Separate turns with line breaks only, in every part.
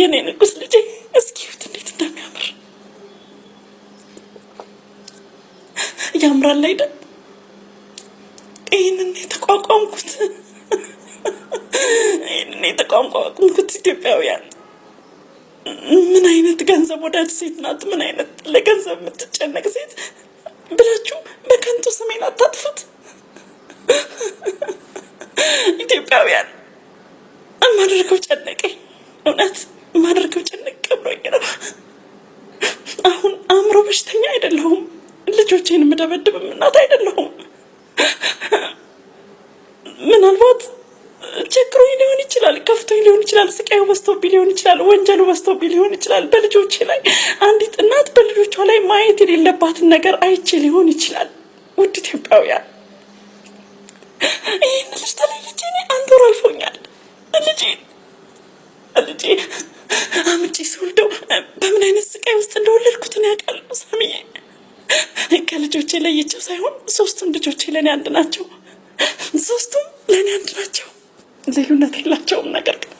የኔ ንጉስ ልጄ እስኪ እዩት እንዴት እንደሚያምር ያምራል አይደል? ይህንን የተቋቋምኩት ይህንን የተቋቋምኩት ኢትዮጵያውያን ምን አይነት ገንዘብ ወዳጅ ሴት ናት? ምን አይነት ለገንዘብ የምትጨነቅ ሴት ብላችሁ በከንቱ ስሜን አታጥፉት። ኢትዮጵያውያን የማደርገው ጨነቀኝ እውነት ማድረገው ጭንቅ ብሎኝ ነው። አሁን አእምሮ በሽተኛ አይደለሁም። ልጆቼን የምደበድብም እናት አይደለሁም። ምናልባት ቸግሮኝ ሊሆን ይችላል፣ ከፍቶኝ ሊሆን ይችላል፣ ስቃዩ በስቶብ ሊሆን ይችላል፣ ወንጀሉ በስቶብ ሊሆን ይችላል። በልጆቼ ላይ አንዲት እናት በልጆቿ ላይ ማየት የሌለባትን ነገር አይቼ ሊሆን ይችላል። ውድ ኢትዮጵያውያን ይህን ልጅ ተለይቼ እኔ አንድ ወር አልፎኛል። ልጄ ልጄ አምጪ ስወልደው በምን አይነት ስቃይ ውስጥ እንደወለድኩትን ያውቃል ሳሚዬ። ከልጆቼ ለይቼው ሳይሆን ሶስቱም ልጆቼ ለእኔ አንድ ናቸው። ሶስቱም ለእኔ አንድ ናቸው። ልዩነት የላቸውም። ነገር ግን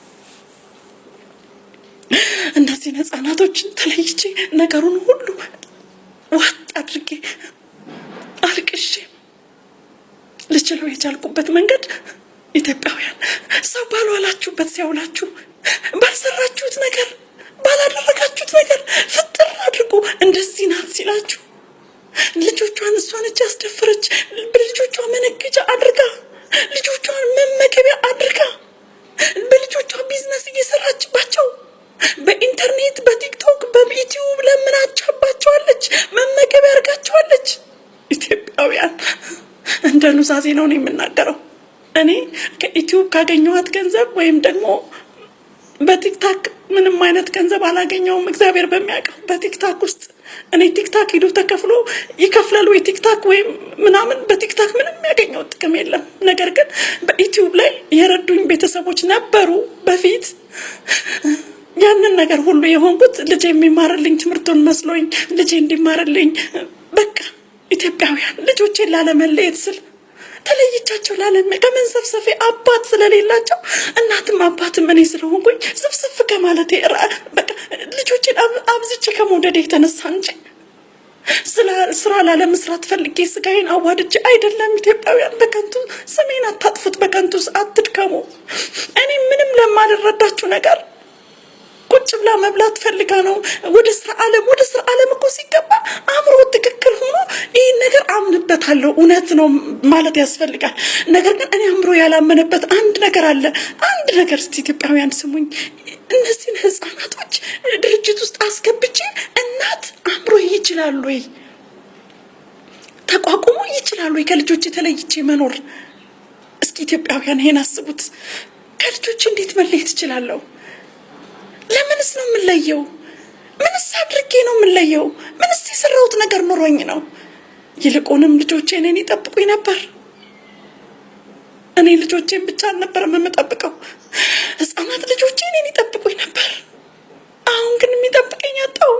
እነዚህን ህጻናቶችን ተለይቼ ነገሩን ሁሉ ዋጥ አድርጌ አልቅሼ ልችለው የቻልኩበት መንገድ ኢትዮጵያውያን ሰው ባሏላችሁበት ሲያውላችሁ ባልሰራችሁት ነገር ባላደረጋችሁት ነገር ፍጥር አድርጎ እንደዚህ ናት ሲላችሁ ልጆቿን እሷ ነች ያስደፈረች። በልጆቿ መነገጃ አድርጋ ልጆቿን መመገቢያ አድርጋ በልጆቿ ቢዝነስ እየሰራችባቸው በኢንተርኔት በቲክቶክ በዩቲዩብ ለምናቻባቸዋለች፣ መመገቢያ አድርጋቸዋለች። ኢትዮጵያውያን እንደ ኑዛዜ ነው ነው የምናገረው እኔ ከዩቲዩብ ካገኘኋት ገንዘብ ወይም ደግሞ በቲክታክ ምንም አይነት ገንዘብ አላገኘውም። እግዚአብሔር በሚያውቀው በቲክታክ ውስጥ እኔ ቲክታክ ሄዶ ተከፍሎ ይከፍላል ወይ ቲክታክ ወይም ምናምን፣ በቲክታክ ምንም የሚያገኘው ጥቅም የለም። ነገር ግን በዩትዩብ ላይ የረዱኝ ቤተሰቦች ነበሩ። በፊት ያንን ነገር ሁሉ የሆንኩት ልጅ የሚማርልኝ ትምህርቱን መስሎኝ ልጄ እንዲማርልኝ በቃ ኢትዮጵያውያን ልጆቼን ላለመለየት ስል ተለይቻቸው ላለም ከመንሰፍሰፌ አባት ስለሌላቸው እናትም አባትም እኔ ስለሆንኩኝ ስፍስፍ ከማለቴ ልጆችን አብዝቼ ከመውደድ የተነሳ እንጂ ስራ ላለመስራት ፈልጌ ስጋዬን አዋድቼ አይደለም። ኢትዮጵያውያን በከንቱ ስሜን አታጥፉት፣ በከንቱ አትድከሙ። እኔ ምንም ለማልረዳችሁ ነገር ቁጭ ብላ መብላት ፈልጋ ነው። ወደ ስራ ዓለም ወደ ስራ ዓለም እኮ ሲገባ አእምሮ ትክክል ሆኖ ይህን ነገር አምንበታለሁ እውነት ነው ማለት ያስፈልጋል። ነገር ግን እኔ አእምሮ ያላመነበት አንድ ነገር አለ። አንድ ነገር እስቲ ኢትዮጵያውያን ስሙኝ። እነዚህን ህፃናቶች ድርጅት ውስጥ አስገብቼ እናት አእምሮ ይችላሉ ወይ ተቋቁሞ ይችላሉ ወይ ከልጆች የተለይቼ መኖር? እስኪ ኢትዮጵያውያን ይሄን አስቡት። ከልጆች እንዴት መለየት ይችላለሁ? ለምንስ ነው የምለየው? ምንስ አድርጌ ነው የምለየው? ምንስ የሰራሁት ነገር ኖሮኝ ነው? ይልቁንም ልጆቼ እኔን ይጠብቁኝ ነበር። እኔ ልጆቼን ብቻ አልነበረም የምጠብቀው፣ ህፃናት ልጆቼ እኔን ይጠብቁኝ ነበር። አሁን ግን የሚጠብቀኝ አጣሁ።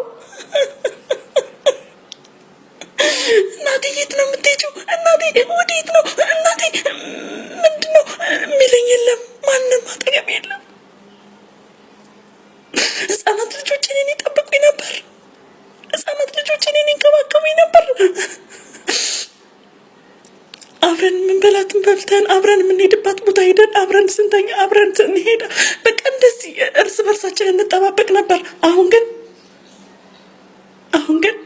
እናቴ የት ነው የምትሄጂው? እናቴ ወዴት ነው? እናቴ ምንድን ነው የሚለኝ የለም። ማንም አጠገብ የለም። አብረን የምንበላትን በልተን አብረን የምንሄድባት ቦታ ሄደን አብረን ስንተኛ አብረን ስንሄድ በቃ እንደዚህ እርስ በርሳችን እንጠባበቅ ነበር። አሁን ግን አሁን ግን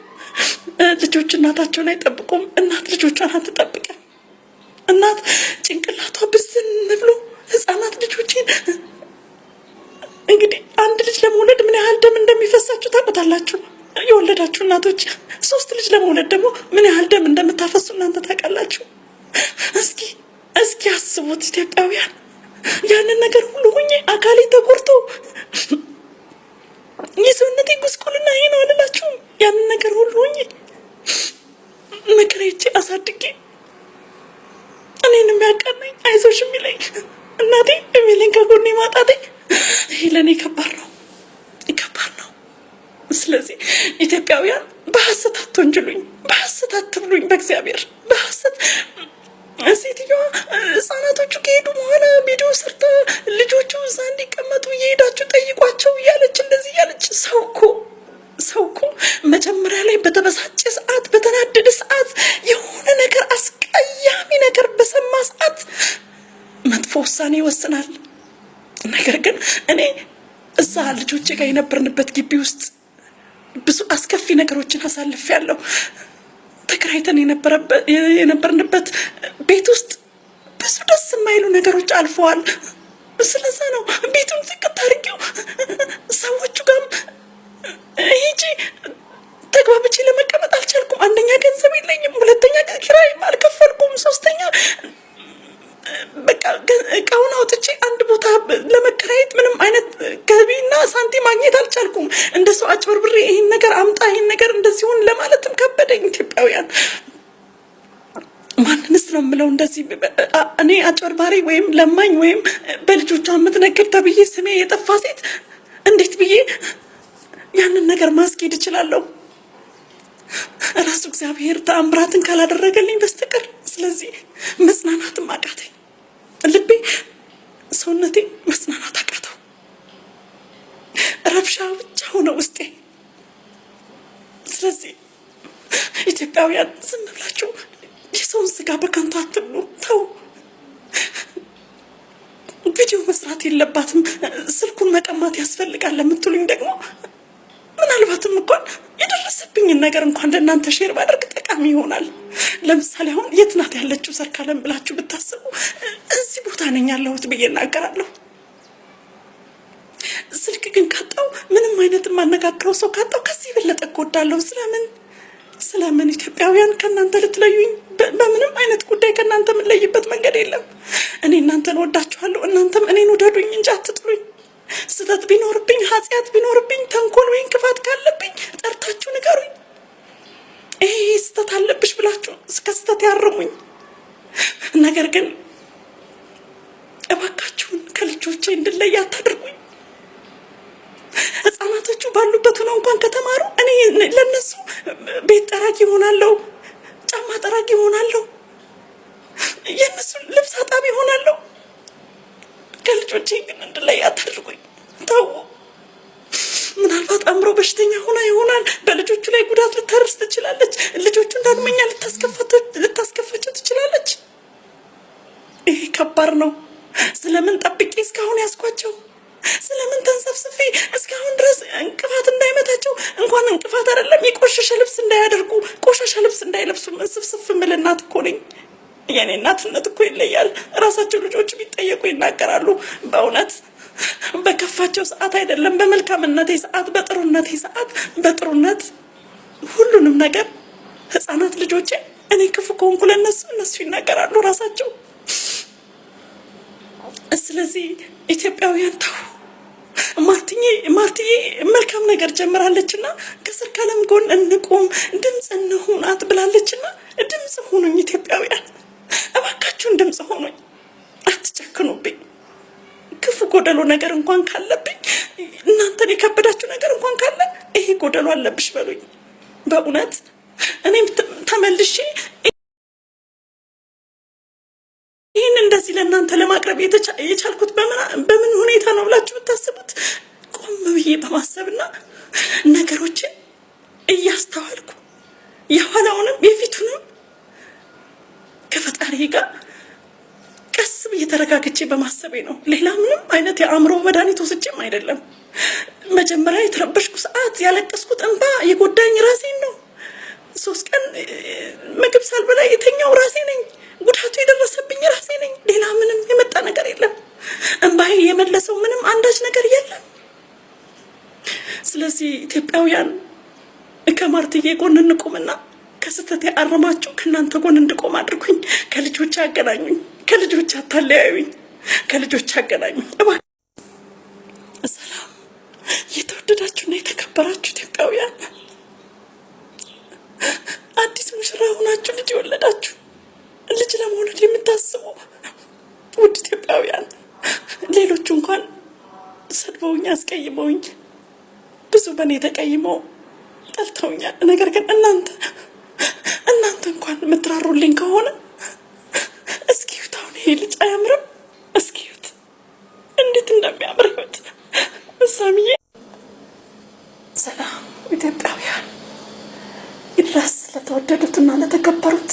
ልጆች እናታቸውን አይጠብቁም። እናት ልጆቿን አትጠብቅም። እናት ጭንቅላቷ ብስን ብሎ ህፃናት ልጆችን እንግዲህ አንድ ልጅ ለመውለድ ምን ያህል ደም እንደሚፈሳችሁ ታውቁታላችሁ። የወለዳችሁ እናቶች ሶስት ልጅ ለመውለድ ደግሞ ምን ያህል ደም እንደምታፈሱ እናንተ ታውቃላችሁ። እስኪ እስኪ አስቡት ኢትዮጵያውያን ያንን ነገር ሁሉ ሁኜ አካሌ ተቆርጦ የሰውነቴ ጉስቁልና ይሄ ነው አልላችሁም። ያንን ነገር ሁሉ ሁኜ ምክሬቼ አሳድጌ እኔን የሚያቀናኝ አይዞሽ የሚለኝ እናቴ የሚለኝ ከጎን ማጣቴ ይሄ ለእኔ ከባድ ነው፣ ከባድ ነው። ስለዚህ ኢትዮጵያውያን በሀሰት አትወንጅሉኝ፣ በሀሰት አትብሉኝ፣ በእግዚአብሔር በሀሰት ሴትዮዋ ህጻናቶቹ ከሄዱ በኋላ ቪዲዮ ሰርታ ልጆቹ እዛ እንዲቀመጡ እየሄዳችሁ ጠይቋቸው እያለች እንደዚህ እያለች ሰው እኮ ሰው እኮ መጀመሪያ ላይ በተበሳጨ ሰዓት፣ በተናደደ ሰዓት፣ የሆነ ነገር አስቀያሚ ነገር በሰማ ሰዓት መጥፎ ውሳኔ ይወስናል። ነገር ግን እኔ እዛ ልጆች ጋር የነበርንበት ግቢ ውስጥ ብዙ አስከፊ ነገሮችን አሳልፍ ያለው ተከራይተን የነበርንበት ቤት ውስጥ ብዙ ደስ የማይሉ ነገሮች አልፈዋል። ስለዛ ነው ቤቱን ዝቅት አድርጌው ሰዎቹ ጋም ሂጂ ተግባብቼ ለመቀመጥ አልቻልኩም። አንደኛ ገንዘብ የለኝም፣ ሁለተኛ ኪራይ አልከፈልኩም፣ ሶስተኛ በቃ እቃውን አውጥቼ አንድ ቦታ ለመከራየት ምንም አይነት ገቢና ሳንቲም ማግኘት አልቻልኩም። እንደ ሰው አጭበርብሬ ይህን ነገር አምጣ፣ ይህን ነገር እንደዚሁን ለማለትም ከበደኝ። ነው የምለው። እንደዚህ እኔ አጭበርባሪ ወይም ለማኝ ወይም በልጆቿ የምትነግር ተብዬ ስሜ የጠፋ ሴት እንዴት ብዬ ያንን ነገር ማስኬድ እችላለሁ? ራሱ እግዚአብሔር ተአምራትን ካላደረገልኝ በስተቀር ስለዚህ መጽናናትም አቃተኝ። ልቤ ሰውነቴ መጽናናት አቃተው። ረብሻ ብቻ ሆነ ውስጤ። ስለዚህ ኢትዮጵያውያን ዝም ብላችሁ የሰውን ስጋ በከንቱ አትብሉ። ተው። ቪዲዮ መስራት የለባትም ስልኩን መቀማት ያስፈልጋል ለምትሉኝ ደግሞ ምናልባትም እንኳን የደረሰብኝን ነገር እንኳን ለእናንተ ሼር ባደርግ ጠቃሚ ይሆናል። ለምሳሌ አሁን የት ናት ያለችው ሰርካለም ብላችሁ ብታስቡ እዚህ ቦታ ነኝ ያለሁት ብዬ እናገራለሁ። ስልክ ግን ካጣው ምንም አይነት የማነጋግረው ሰው ካጣው ከዚህ የበለጠ እጎዳለሁ። ስለምን ስለምን ኢትዮጵያውያን ከእናንተ ልትለዩኝ፣ በምንም አይነት ጉዳይ ከእናንተ የምንለይበት መንገድ የለም። እኔ እናንተን ወዳችኋለሁ፣ እናንተም እኔን ውደዱኝ እንጂ አትጥሉኝ። ስህተት ቢኖርብኝ፣ ኃጢአት ቢኖርብኝ፣ ተንኮል ወይም ክፋት ካለብኝ ጠርታችሁ ንገሩኝ። ይሄ ስህተት አለብሽ ብላችሁ እስከ ስህተት ያርሙኝ። ነገር ግን እባካችሁን ከልጆቼ እንድለይ አታድርጉ። ህጻናቶቹ ባሉበት ሆነው እንኳን ከተማሩ እኔ ለነሱ ቤት ጠራቂ ይሆናለሁ፣ ጫማ ጠራቂ ይሆናለሁ፣ የነሱ ልብስ አጣቢ ይሆናለሁ። ከልጆቼ ግን እንድለይ አታድርጉኝ። ታው ምናልባት አእምሮ በሽተኛ ሆና ይሆናል። በልጆቹ ላይ ጉዳት ልታደርስ ትችላለች። ልጆቹን ዳግመኛ ልታስከፋቸው ትችላለች። ይሄ ከባድ ነው። ስለምን ጠብቄ እስካሁን ያስኳቸው ስለዚህ እስካሁን ድረስ እንቅፋት እንዳይመታቸው እንኳን እንቅፋት አይደለም የቆሸሸ ልብስ እንዳያደርጉ ቆሻሻ ልብስ እንዳይለብሱ ስፍስፍ ምል እናት እኮ ነኝ። የኔ እናትነት እኮ ይለያል። ራሳቸው ልጆች ቢጠየቁ ይናገራሉ። በእውነት በከፋቸው ሰዓት አይደለም በመልካምነቴ ሰዓት፣ በጥሩነቴ ሰዓት፣ በጥሩነት ሁሉንም ነገር ህፃናት ልጆቼ እኔ ክፉ ከሆንኩ ለእነሱ እነሱ ይናገራሉ ራሳቸው። ስለዚህ ኢትዮጵያውያን ተው። ማርትዬ መልካም ነገር ጀምራለችና ከስር ከለም ጎን እንቁም ድምፅ እንሁናት ብላለችና ድምፅ ሆኑኝ ኢትዮጵያውያን፣ እባካችሁን ድምፅ ሆኑኝ። አትጨክኑብኝ። ክፉ ጎደሎ ነገር እንኳን ካለብኝ እናንተን የከበዳችሁ ነገር እንኳን ካለ ይሄ ጎደሎ አለብሽ በሉኝ። በእውነት እኔም ተመልሼ ይህን እንደዚህ ለእናንተ ለማቅረብ የቻልኩት በምን ሁኔታ ነው ብላችሁ ብዬ በማሰብና ነገሮችን እያስተዋልኩ የኋላውንም የፊቱንም ከፈጣሪ ጋር ቀስ ብዬ ተረጋግቼ በማሰቤ ነው። ሌላ ምንም አይነት የአእምሮ መድኃኒት ወስጄም አይደለም። መጀመሪያ የተረበሽኩ ሰዓት ያለቀስኩት እንባ የጎዳኝ ራሴን ነው። ሶስት ቀን ምግብ ሳልበላ የተኛው ራሴ ነኝ። ጉዳቱ የደረሰብኝ ራሴ ነኝ። ሌላ ምንም የመጣ ነገር የለም። እንባዬ የመለሰው ምንም አንዳች ነገር የለም። ስለዚህ ኢትዮጵያውያን ከማርትዬ ጎን እንቁምና ከስህተት ያአረማችሁ ከእናንተ ጎን እንድቆም አድርጉኝ። ከልጆች አገናኙኝ፣ ከልጆች አታለያዩኝ፣ ከልጆች አገናኙኝ። ሰላም የተወደዳችሁና የተከበራችሁ ኢትዮጵያውያን አዲስ ሙሽራ ሆናችሁ ልጅ የወለዳችሁ ልጅ ለመውለድ የምታስቡ ውድ ኢትዮጵያውያን ሌሎቹ እንኳን ሰድበውኝ አስቀይመውኝ ብዙ በእኔ ተቀይመው ጠልተውኛል። ነገር ግን እናንተ እናንተ እንኳን የምትራሩልኝ ከሆነ እስኪዩት፣ አሁን ይሄ ልጅ አያምርም? እስኪዩት እንዴት እንደሚያምር ህይወት እሳምዬ። ሰላም ኢትዮጵያውያን ይድረስ ለተወደዱትና ለተከበሩት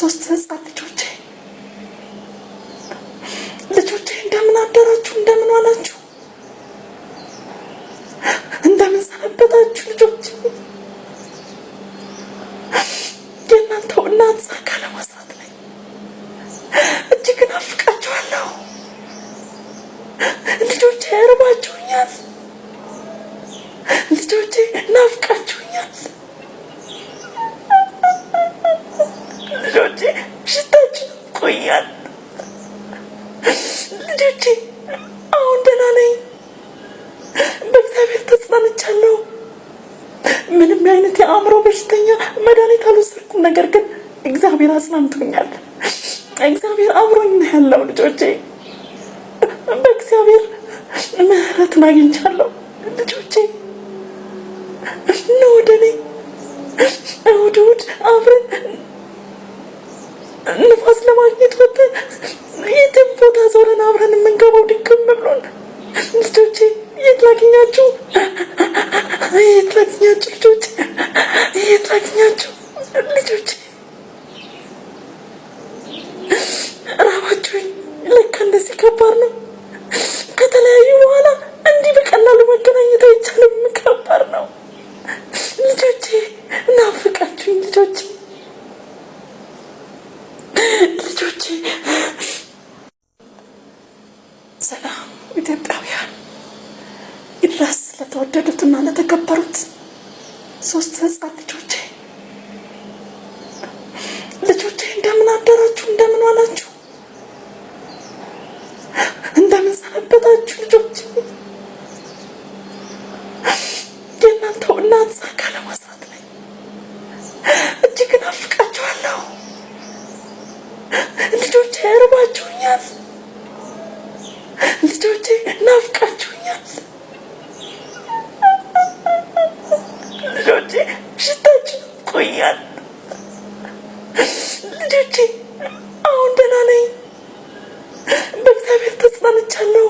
ሶስት ህፃን ልጆቼ ልጆቼ፣ እንደምን አደራችሁ? እንደምን ዋላችሁ? kadar çocuk çıkmış. ምንም አይነት የአእምሮ በሽተኛ መድኃኒት አልወሰድኩም። ነገር ግን እግዚአብሔር አጽናንቶኛል። እግዚአብሔር አብሮኝ ነው ያለው። ልጆቼ በእግዚአብሔር ምሕረትን አግኝቻለሁ። ልጆቼ ኑ ወደ እኔ እሑድ እሑድ አብረን ንፋስ ለማግኘት ወጥተን የትም ቦታ ዞረን አብረን የምንገባው ድክም ብሎን ልጆቼ የት ላገኛችሁ? የት ላገኛችሁ? ልጆቼ የት ላገኛችሁ? ልጆቼ ራባችሁኝ። ለካ እንደዚህ ከባድ ነው ከተለያዩ እርባችሁኛል፣ ልጆቼ ናፍቃችሁኛል፣ ልጆቼ ሽታችሁ ቆያል፣ ልጆቼ አሁን ደህና ነኝ፣ በእግዚአብሔር ተጽናንቻለሁ።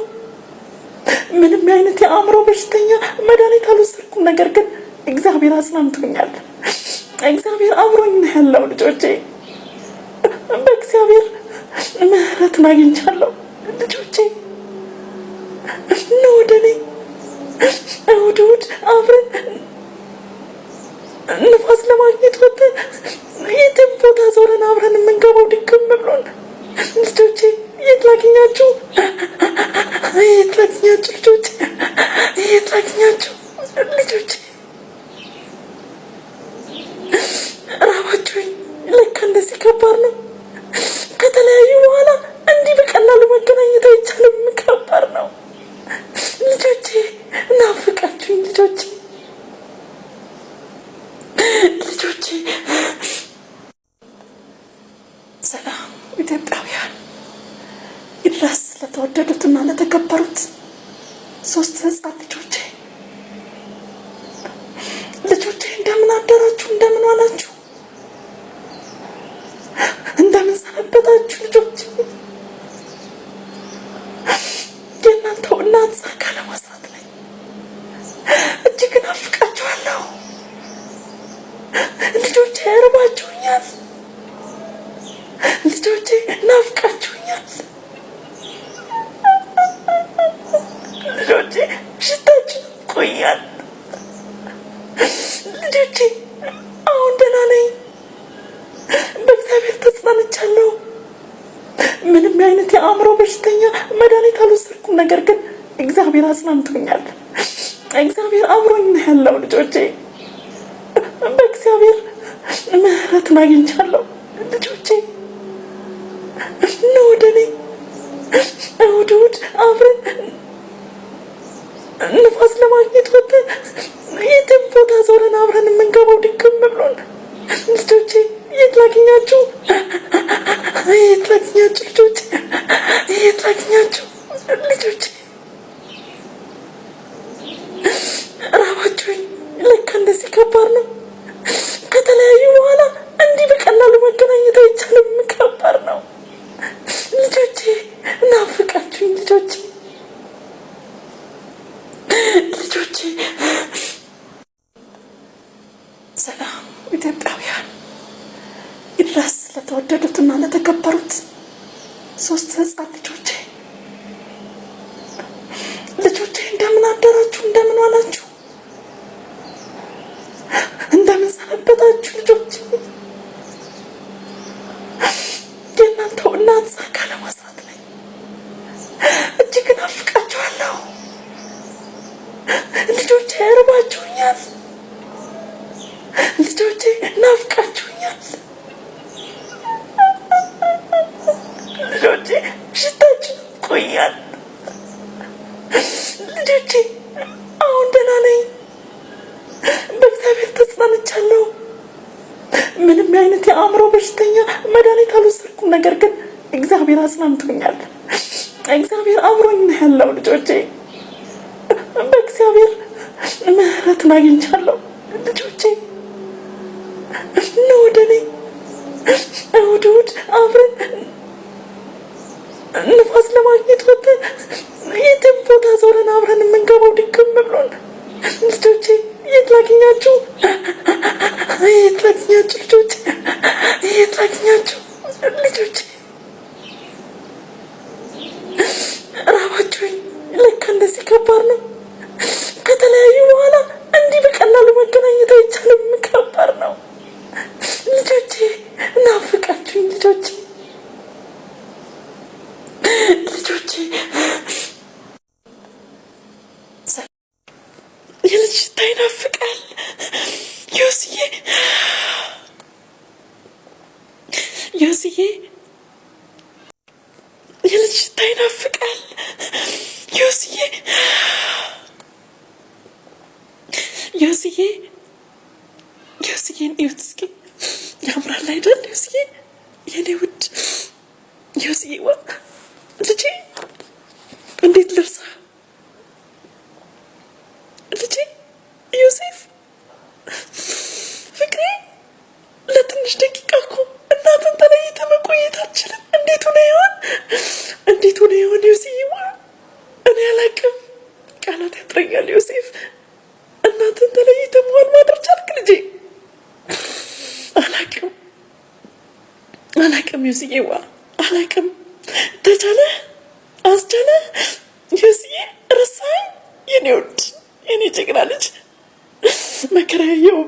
ምንም አይነት የአእምሮ በሽተኛ መድኃኒት አልወሰድኩም፣ ነገር ግን እግዚአብሔር አጽናንቶኛል። እግዚአብሔር አብሮኝ ነው ያለው ልጆቼ በእግዚአብሔር ምህረትን አግኝቻለሁ። ልጆቼ እነ ወደ እኔ አብረን ንፋስ ለማግኘት ወጥ የትም ቦታ ዞረን አብረን የምንገባው ድግም ብሎን ልጆቼ የት ላግኛችሁ? የት ላግኛችሁ? ልጆቼ የት ላግኛችሁ? ልጆቼ ራባችሁኝ። ለካ እንደዚህ ከባድ ነው። ይድረስ ለተወደዱትና ለተከበሩት ሶስት ህፃን ልጆቼ። ልጆቼ እንደምን አደራችሁ? እንደምን ዋላችሁ? እንደምን ሰነበታችሁ ልጆቼ? ምንም አይነት የአእምሮ በሽተኛ መድኃኒት አልወሰድኩም። ነገር ግን እግዚአብሔር አጽናንቶኛል። እግዚአብሔር አብሮኝ ነው ያለው። ልጆቼ በእግዚአብሔር ምሕረትን አግኝቻለሁ። ልጆቼ ነው ወደ እኔ እሑድ እሑድ አብረን ንፋስ ለማግኘት ወጥተን የትም ቦታ ዞረን አብረን የምንገባው ድክም ብሎን ልጆቼ የት ላግኛችሁ? የት ላግኛችሁ? ልጆች የት ላግኛችሁ? ልጆች ራባችሁኝ። ለካ እንደዚህ ከባድ ነው ከተለያዩ እጅግ ናፍቃችኋለሁ። ልጆቼ እርባችሁኛል። ልጆቼ ናፍቃችሁኛል። ልጆቼ ሽታችሁ ቆያል። ልጆቼ አሁን ደህና ነኝ። በእግዚአብሔር ተጽናንቻለሁ። ምንም አይነት የአእምሮ በሽተኛ መድኃኒት አልወሰድኩም። ነገር ግን እግዚአብሔር አጽናንቶኛል። እግዚአብሔር አብሮኝ ነው ያለው። ልጆቼ በእግዚአብሔር ምሕረትን አግኝቻለሁ። ሽታ ይናፍቃል ዮስዬ ዮስዬ የልጅ ሽታ ይናፍቃል ዮስዬ ዮስዬ ዮስዬን እዩት እስኪ ያምራል አይደል ዮስዬ የኔ ዮሴፍ እናትን ተለይተህ መሆን ማድረግ ቻልክ ልጄ። አላቅም አላቅም ዮስዬዋ አላቅም። ተቻለ አስቻለ ዮስዬ ረሳኝ የኔ ውድ የኔ ጀግና ልጅ መከራ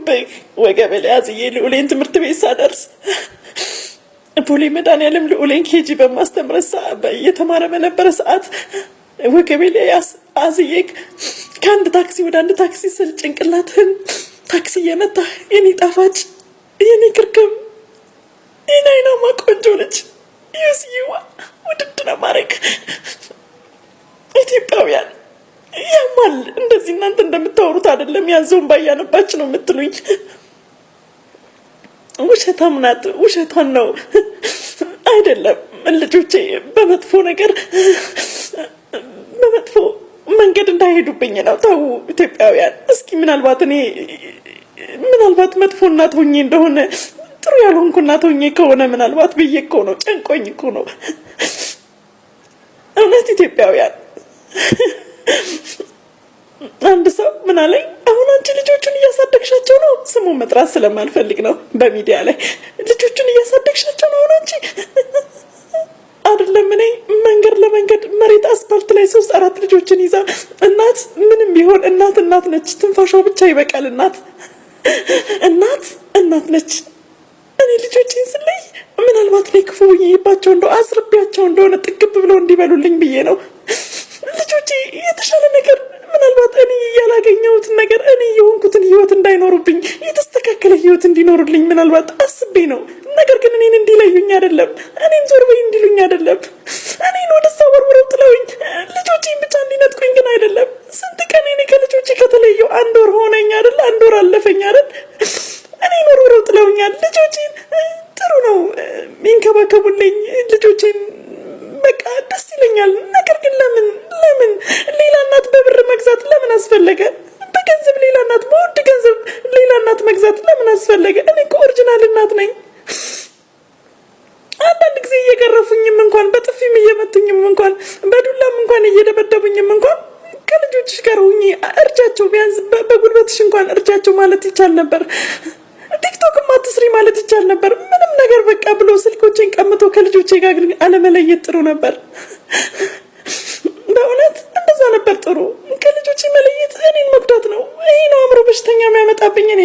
በግ ወገበል ያዝዬ ልዑሌን ትምህርት ቤት ሳደርስ ፖሊ መድኃኒዓለም ልዑሌን ኬጂ በማስተምረ እየተማረ በነበረ ሰዓት ወገቤ ላይ አዝዬ ከአንድ ታክሲ ወደ አንድ ታክሲ ስል ጭንቅላትህን ታክሲ እየመታህ የኔ ጣፋጭ የኔ ክርክም ይህን አይናማ ቆንጆ ነች ዩስይዋ ውድድ ነው ማድረግ ኢትዮጵያውያን ያማል። እንደዚህ እናንተ እንደምታወሩት አይደለም። ያዘውን ባያነባች ነው የምትሉኝ። ውሸታም ናት፣ ውሸቷን ነው አይደለም። ልጆቼ በመጥፎ ነገር በመጥፎ መንገድ እንዳይሄዱብኝ ነው። ተው ኢትዮጵያውያን፣ እስኪ ምናልባት እኔ ምናልባት መጥፎ እናት ሆኜ እንደሆነ ጥሩ ያልሆንኩ እናት ሆኜ ከሆነ ምናልባት ብዬ እኮ ነው። ጨንቆኝ እኮ ነው። እውነት ኢትዮጵያውያን፣ አንድ ሰው ምናለኝ፣ አሁን አንቺ ልጆቹን እያሳደግሻቸው ነው። ስሙን መጥራት ስለማልፈልግ ነው በሚዲያ ላይ አስፓልት ላይ ሶስት አራት ልጆችን ይዛ እናት ምንም ቢሆን እናት እናት ነች። ትንፋሿ ብቻ ይበቃል። እናት እናት እናት ነች። እኔ ልጆችን ስለይ ምናልባት ላይ ክፉ ይባቸው እንደ አስርቢያቸው እንደሆነ ጥግብ ብለው እንዲበሉልኝ ብዬ ነው። ልጆቼ የተሻለ ነገር ምናልባት እኔ ያላገኘሁትን ነገር እኔ የሆንኩትን ህይወት እንዳይኖሩብኝ የተስተካከለ ህይወት እንዲኖሩልኝ ምናልባት አስቤ ነው። ነገር ግን እኔን እንዲለዩኝ አይደለም፣ እኔን ዞር በይ እንዲሉኝ አይደለም። እኔን ወደዛ ወርውረው ጥለውኝ ልጆች ይቻል ነበር። ቲክቶክ ማትስሪ ማለት ይቻል ነበር። ምንም ነገር በቃ ብሎ ስልኮቼን ቀምቶ ከልጆቼ ጋር አለመለየት ጥሩ ነበር። በእውነት እንደዛ ነበር ጥሩ። ከልጆቼ መለየት እኔን መጉዳት ነው። ይህ ነው አእምሮ በሽተኛ የሚያመጣብኝ እኔ